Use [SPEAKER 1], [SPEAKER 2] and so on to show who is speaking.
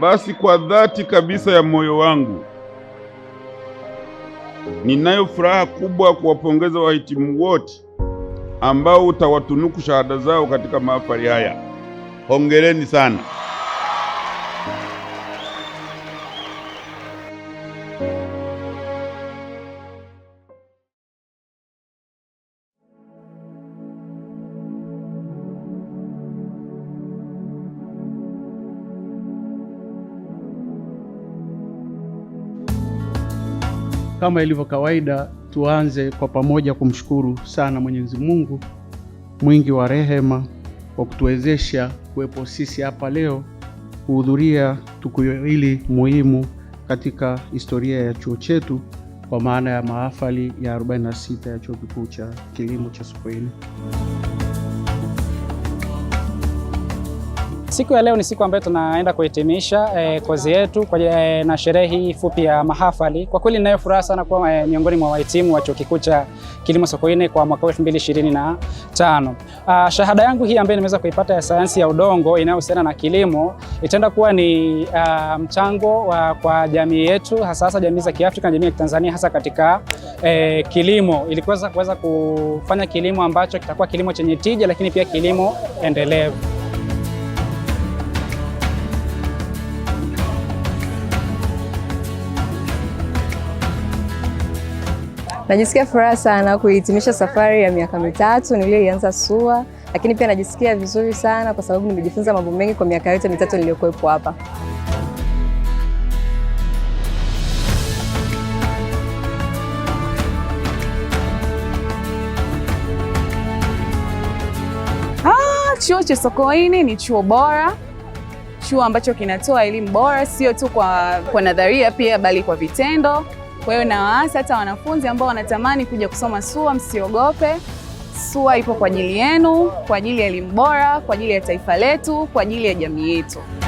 [SPEAKER 1] basi kwa dhati kabisa ya moyo wangu ninayo furaha kubwa kuwapongeza wahitimu wote ambao utawatunuku shahada zao katika mahafali haya. Hongereni sana.
[SPEAKER 2] Kama ilivyo kawaida, tuanze kwa pamoja kumshukuru sana Mwenyezi Mungu mwingi wa rehema kwa kutuwezesha kuwepo sisi hapa leo kuhudhuria tukio hili muhimu katika historia ya chuo chetu kwa maana ya mahafali ya 46 ya Chuo Kikuu cha Kilimo cha Sokoine.
[SPEAKER 3] Siku ya leo ni siku ambayo tunaenda kuhitimisha eh, kozi yetu kwa, eh, na sherehe hii fupi ya mahafali. Kwa kweli ninayo furaha sana kuwa eh, miongoni mwa wahitimu wa Chuo Kikuu cha Kilimo Sokoine kwa mwaka 2025. Ah, shahada yangu hii ambayo nimeweza kuipata ya sayansi ya udongo inayohusiana na kilimo itaenda kuwa ni ah, mchango wa, kwa jamii yetu hasa hasa jamii za Kiafrika na jamii ya Tanzania hasa katika eh, kilimo ili kuweza kuweza kufanya kilimo ambacho kitakuwa kilimo chenye tija, lakini pia kilimo endelevu.
[SPEAKER 4] Najisikia furaha sana kuhitimisha safari ya miaka mitatu niliyoianza SUA, lakini pia najisikia vizuri sana kwa sababu nimejifunza mambo mengi kwa miaka yote mitatu niliyokuwepo hapa.
[SPEAKER 5] Ah, chuo cha Sokoine ni chuo bora, chuo ambacho kinatoa elimu bora, sio tu kwa, kwa nadharia pia bali kwa vitendo. Kwa hiyo nawaasa hata wanafunzi ambao wanatamani kuja kusoma SUA, msiogope. SUA ipo kwa ajili yenu, kwa ajili ya elimu bora, kwa ajili ya taifa letu, kwa ajili ya jamii yetu.